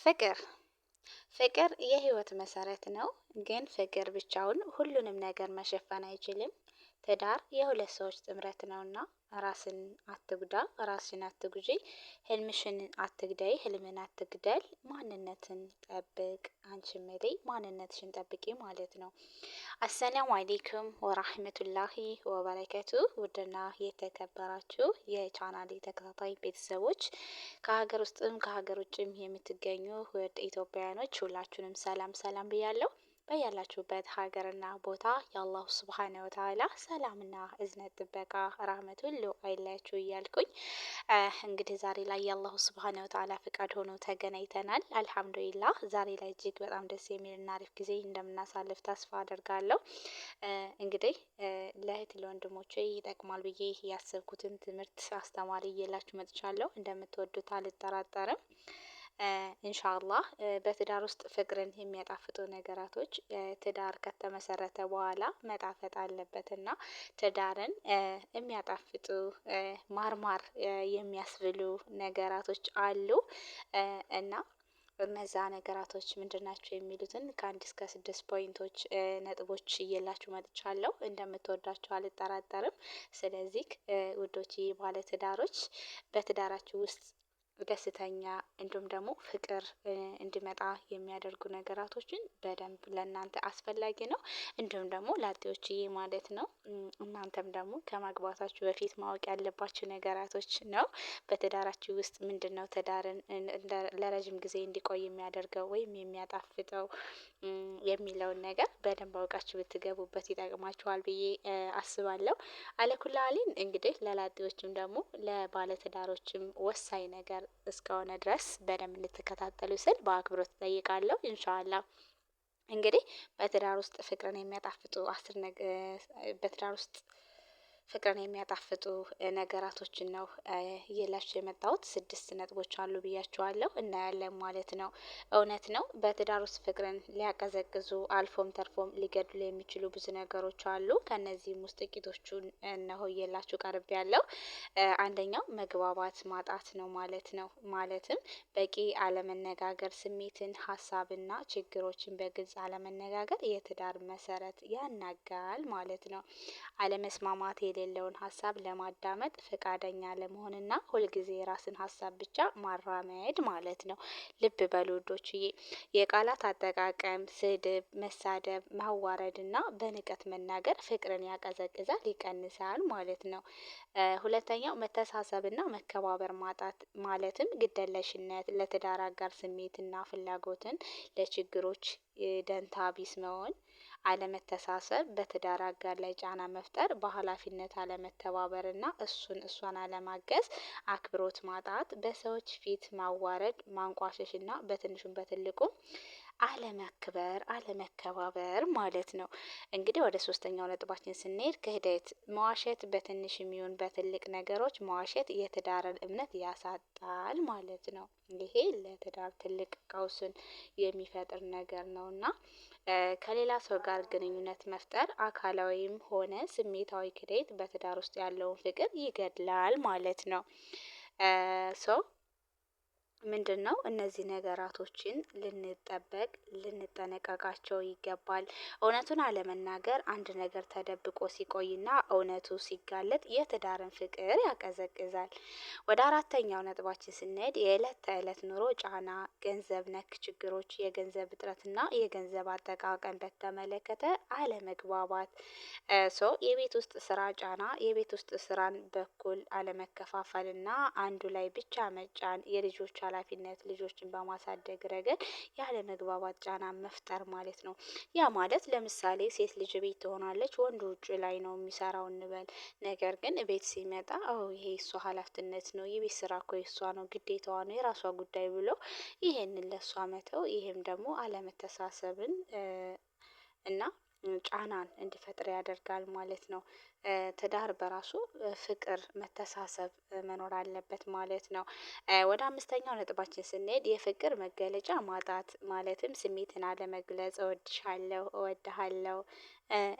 ፍቅር ፍቅር የህይወት መሰረት ነው። ግን ፍቅር ብቻውን ሁሉንም ነገር መሸፈን አይችልም። ትዳር የሁለት ሰዎች ጥምረት ነውና ራስን አትጉዳ፣ ራስሽን አትጉጂ፣ ህልምሽን አትግደይ፣ ህልምን አትግደል፣ ማንነትን ጠብቅ። አንቺ መሪ ማንነትሽን ጠብቂ ማለት ነው። አሰላሙ አሌይኩም ወራህመቱላሂ ወበረከቱ። ውድና የተከበራችሁ የቻናሌ ተከታታይ ቤተሰቦች ከሀገር ውስጥም ከሀገር ውጭም የምትገኙ ውድ ኢትዮጵያውያኖች ሁላችሁንም ሰላም ሰላም ብያለሁ። በያላችሁበት ሀገርና ቦታ የአላሁ ስብሓነ ወተዓላ ሰላምና እዝነት ጥበቃ ራህመት ሁሉ አይለያችሁ እያልኩኝ እንግዲህ ዛሬ ላይ የአላሁ ስብሓነ ወተዓላ ፍቃድ ሆኖ ተገናኝተናል። አልሐምዱሊላ ዛሬ ላይ እጅግ በጣም ደስ የሚልና አሪፍ ጊዜ እንደምናሳልፍ ተስፋ አደርጋለሁ። እንግዲህ ለእህት ለወንድሞች ይጠቅማል ብዬ ያሰብኩትን ትምህርት አስተማሪ እየላችሁ መጥቻለሁ። እንደምትወዱት አልጠራጠርም። ኢንሻአላህ በትዳር ውስጥ ፍቅርን የሚያጣፍጡ ነገራቶች ትዳር ከተመሰረተ በኋላ መጣፈጥ አለበት እና ትዳርን የሚያጣፍጡ ማርማር የሚያስብሉ ነገራቶች አሉ። እና እነዛ ነገራቶች ምንድን ናቸው? የሚሉትን ከአንድ እስከ ስድስት ፖይንቶች ነጥቦች እየላችሁ መጥቻለሁ እንደምትወዷቸው አልጠራጠርም። ስለዚህ ውዶቼ ትዳሮች በትዳራችሁ ውስጥ ደስተኛ እንዲሁም ደግሞ ፍቅር እንዲመጣ የሚያደርጉ ነገራቶችን በደንብ ለእናንተ አስፈላጊ ነው። እንዲሁም ደግሞ ላጤዎችዬ ማለት ነው። እናንተም ደግሞ ከማግባታችሁ በፊት ማወቅ ያለባችሁ ነገራቶች ነው። በትዳራችሁ ውስጥ ምንድን ነው ትዳርን ለረዥም ጊዜ እንዲቆይ የሚያደርገው ወይም የሚያጣፍጠው የሚለውን ነገር በደንብ አውቃችሁ ብትገቡበት ይጠቅማችኋል ብዬ አስባለሁ። አለኩላሊን እንግዲህ ለላጤዎችም ደግሞ ለባለትዳሮችም ወሳኝ ነገር እስከሆነ ድረስ በደንብ እንድትከታተሉ ስል በአክብሮት ጠይቃለሁ እንሻላ እንግዲህ በትዳር ውስጥ ፍቅርን የሚያጣፍጡ አስር በትዳር ውስጥ ፍቅርን የሚያጣፍጡ ነገራቶችን ነው እየላችሁ የመጣሁት። ስድስት ነጥቦች አሉ ብያቸዋለሁ፣ እናያለን ማለት ነው። እውነት ነው። በትዳር ውስጥ ፍቅርን ሊያቀዘቅዙ አልፎም ተርፎም ሊገድሉ የሚችሉ ብዙ ነገሮች አሉ። ከእነዚህም ውስጥ ጥቂቶቹን እነሆ እየላችሁ ቀርብ ያለው አንደኛው መግባባት ማጣት ነው ማለት ነው። ማለትም በቂ አለመነጋገር፣ ስሜትን፣ ሀሳብና ችግሮችን በግልጽ አለመነጋገር የትዳር መሰረት ያናጋል ማለት ነው። አለመስማማት የሌለውን ሀሳብ ለማዳመጥ ፈቃደኛ ለመሆንና ሁልጊዜ የራስን ሀሳብ ብቻ ማራመድ ማለት ነው። ልብ በሉ ውዶችዬ፣ የቃላት አጠቃቀም ስድብ፣ መሳደብ፣ ማዋረድና በንቀት መናገር ፍቅርን ያቀዘቅዛል፣ ይቀንሳል ማለት ነው። ሁለተኛው መተሳሰብና መከባበር ማጣት ማለትም ግደለሽነት፣ ለትዳር አጋር ስሜትና ፍላጎትን፣ ለችግሮች ደንታ ቢስ መሆን አለመተሳሰብ፣ በትዳር አጋር ላይ ጫና መፍጠር፣ በኃላፊነት እና እሱን እሷን አለማገዝ፣ አክብሮት ማጣት፣ በሰዎች ፊት ማዋረድ፣ እና በትንሹም በትልቁም አለመክበር፣ አለመከባበር ማለት ነው። እንግዲህ ወደ ሶስተኛው ነጥባችን ስንሄድ ክህደት፣ መዋሸት በትንሽ የሚሆን በትልቅ ነገሮች መዋሸት የትዳርን እምነት ያሳጣል ማለት ነው። ይሄ ለትዳር ትልቅ ቀውስን የሚፈጥር ነገር ነው እና ከሌላ ሰው ጋር ግንኙነት መፍጠር አካላዊም ሆነ ስሜታዊ ክህደት በትዳር ውስጥ ያለውን ፍቅር ይገድላል ማለት ነው። ሰው ምንድን ነው እነዚህ ነገራቶችን ልንጠበቅ ልንጠነቀቃቸው ይገባል። እውነቱን አለመናገር አንድ ነገር ተደብቆ ሲቆይና እውነቱ ሲጋለጥ የትዳርን ፍቅር ያቀዘቅዛል። ወደ አራተኛው ነጥባችን ስንሄድ የዕለት ተዕለት ኑሮ ጫና፣ ገንዘብ ነክ ችግሮች፣ የገንዘብ እጥረትና የገንዘብ አጠቃቀም በተመለከተ አለመግባባት ሶ የቤት ውስጥ ስራ ጫና፣ የቤት ውስጥ ስራን በኩል አለመከፋፈልና አንዱ ላይ ብቻ መጫን የልጆች ኃላፊነት ልጆችን በማሳደግ ረገድ ያለ መግባባት ጫና መፍጠር ማለት ነው። ያ ማለት ለምሳሌ ሴት ልጅ ቤት ትሆናለች ወንድ ውጭ ላይ ነው የሚሰራው እንበል ነገር ግን ቤት ሲመጣ አዎ ይሄ የሷ ሀላፊነት ነው የቤት ስራ እኮ የሷ ነው ግዴታዋ ነው የራሷ ጉዳይ ብሎ ይሄንን ለእሷ መተው ይሄም ደግሞ አለመተሳሰብን እና ጫናን እንዲፈጥር ያደርጋል ማለት ነው። ትዳር በራሱ ፍቅር መተሳሰብ መኖር አለበት ማለት ነው። ወደ አምስተኛው ነጥባችን ስንሄድ የፍቅር መገለጫ ማጣት ማለትም ስሜትን አለመግለጽ እወድሻለሁ እወድሃለሁ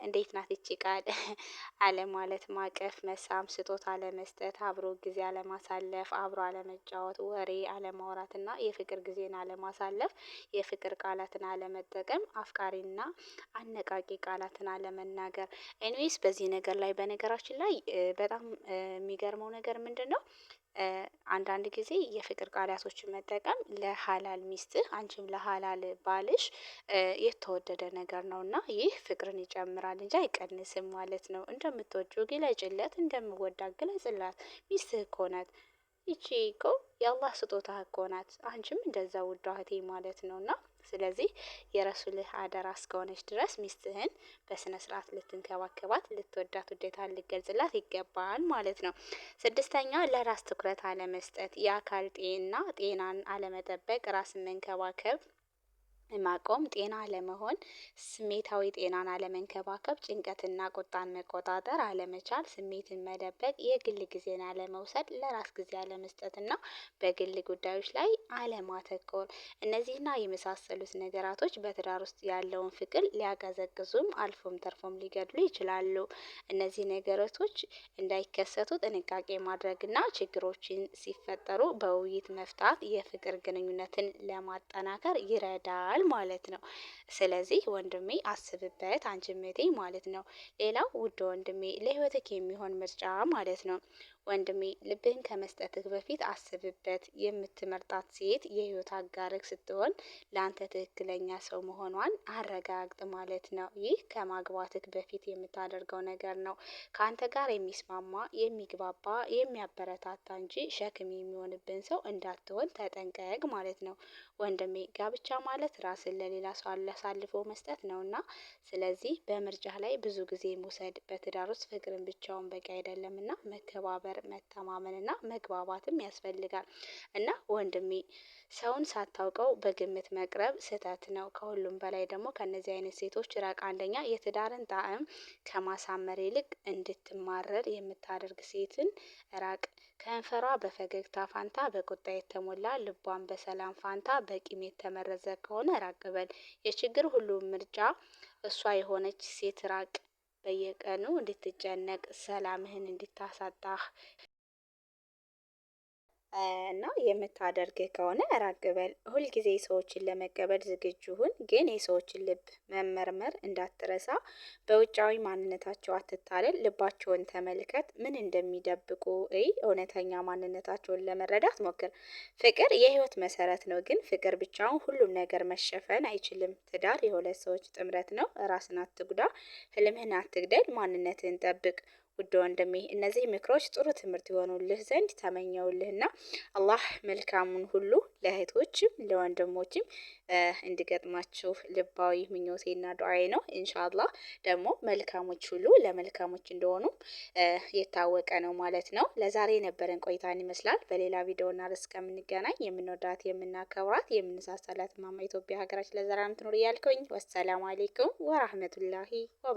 እንዴት ናት እቺ ቃል አለ ማለት ማቀፍ፣ መሳም፣ ስጦታ አለመስጠት፣ አብሮ ጊዜ አለማሳለፍ፣ አብሮ አለመጫወት፣ ወሬ አለማውራትና የፍቅር ጊዜን አለማሳለፍ፣ የፍቅር ቃላትን አለመጠቀም፣ አፍቃሪና አነቃቂ ቃላትን አለመናገር። ኤኒዌይስ በዚህ ነገር ላይ በነገራችን ላይ በጣም የሚገርመው ነገር ምንድን ነው አንዳንድ ጊዜ የፍቅር ቃላቶችን መጠቀም ለሀላል ሚስትህ አንቺም ለሀላል ባልሽ የተወደደ ነገር ነው እና ይህ ፍቅርን ይጨምራል እንጂ አይቀንስም ማለት ነው። እንደምትወጁ ግለጭለት፣ እንደምወዳ ግለጽላት። ሚስትህ እኮ ናት። ይቺ እኮ የአላህ ስጦታ እኮ ናት። አንቺም እንደዛ ውዷ ማለት ነው እና ስለዚህ የረሱልህ አደራ እስከሆነች ድረስ ሚስትህን በስነ ስርዓት ልትንከባከባት፣ ልትወዳት፣ ውዴታ ልገልጽላት ይገባል ማለት ነው። ስድስተኛ ለራስ ትኩረት አለመስጠት፣ የአካል ጤና ጤናን አለመጠበቅ፣ ራስን መንከባከብ ማቆም ጤና አለመሆን ስሜታዊ ጤናን አለመንከባከብ ጭንቀትና ቁጣን መቆጣጠር አለመቻል ስሜትን መደበቅ የግል ጊዜን አለመውሰድ ለራስ ጊዜ አለመስጠትና በግል ጉዳዮች ላይ አለማተኮር እነዚህና የመሳሰሉት ነገራቶች በትዳር ውስጥ ያለውን ፍቅር ሊያቀዘቅዙም አልፎም ተርፎም ሊገድሉ ይችላሉ። እነዚህ ነገራቶች እንዳይከሰቱ ጥንቃቄ ማድረግና ችግሮችን ሲፈጠሩ በውይይት መፍታት የፍቅር ግንኙነትን ለማጠናከር ይረዳል ይችላል ማለት ነው። ስለዚህ ወንድሜ አስብበት አንቺም እህቴ ማለት ነው። ሌላው ውድ ወንድሜ ለህይወትህ የሚሆን ምርጫ ማለት ነው። ወንድሜ ልብህን ከመስጠትህ በፊት አስብበት። የምትመርጣት ሴት የህይወት አጋርህ ስትሆን ለአንተ ትክክለኛ ሰው መሆኗን አረጋግጥ ማለት ነው። ይህ ከማግባትህ በፊት የምታደርገው ነገር ነው። ከአንተ ጋር የሚስማማ የሚግባባ፣ የሚያበረታታ እንጂ ሸክም የሚሆንብን ሰው እንዳትሆን ተጠንቀቅ ማለት ነው። ወንድሜ ጋብቻ ማለት ራስን ለሌላ ሰው አሳልፎ መስጠት ነውና ስለዚህ በምርጫ ላይ ብዙ ጊዜ መውሰድ በትዳር ውስጥ ፍቅርን ብቻውን በቂ አይደለምና መከባበር መተማመን እና መግባባትም ያስፈልጋል እና ወንድሜ ሰውን ሳታውቀው በግምት መቅረብ ስህተት ነው። ከሁሉም በላይ ደግሞ ከእነዚህ አይነት ሴቶች ራቅ። አንደኛ የትዳርን ጣዕም ከማሳመር ይልቅ እንድትማረር የምታደርግ ሴትን ራቅ። ከንፈሯ በፈገግታ ፋንታ በቁጣ የተሞላ ልቧን በሰላም ፋንታ በቂም የተመረዘ ከሆነ ራቅ በል። የችግር ሁሉ ምርጫ እሷ የሆነች ሴት ራቅ። በየቀኑ እንድትጨነቅ ሰላምህን እንድታሳጣህ እና የምታደርግ ከሆነ ራቅበል ሁል ሁልጊዜ ሰዎችን ለመቀበል ዝግጁ ሁን፣ ግን የሰዎችን ልብ መመርመር እንዳትረሳ። በውጫዊ ማንነታቸው አትታለል። ልባቸውን ተመልከት፣ ምን እንደሚደብቁ እይ። እውነተኛ ማንነታቸውን ለመረዳት ሞክር። ፍቅር የህይወት መሰረት ነው፣ ግን ፍቅር ብቻውን ሁሉም ነገር መሸፈን አይችልም። ትዳር የሁለት ሰዎች ጥምረት ነው። ራስን አትጉዳ፣ ህልምህን አትግደል፣ ማንነትህን ጠብቅ። ውድ ወንድሜ እነዚህ ምክሮች ጥሩ ትምህርት ይሆኑልህ ዘንድ ተመኘውልህና አላህ መልካሙን ሁሉ ለእህቶችም ለወንድሞችም እንዲገጥማችሁ ልባዊ ምኞቴና ዱዓዬ ነው። ኢንሻአላህ ደግሞ መልካሞች ሁሉ ለመልካሞች እንደሆኑ የታወቀ ነው ማለት ነው። ለዛሬ የነበረን ቆይታን ይመስላል። በሌላ ቪዲዮና ርዕስ ከምንገናኝ የምንወዳት የምናከብራት የምንሳሳላት ማማ ኢትዮጵያ ሀገራችን ለዘላለም ትኑር እያልኩኝ ወሰላሙ አሌይኩም ወራህመቱላሂ ወበ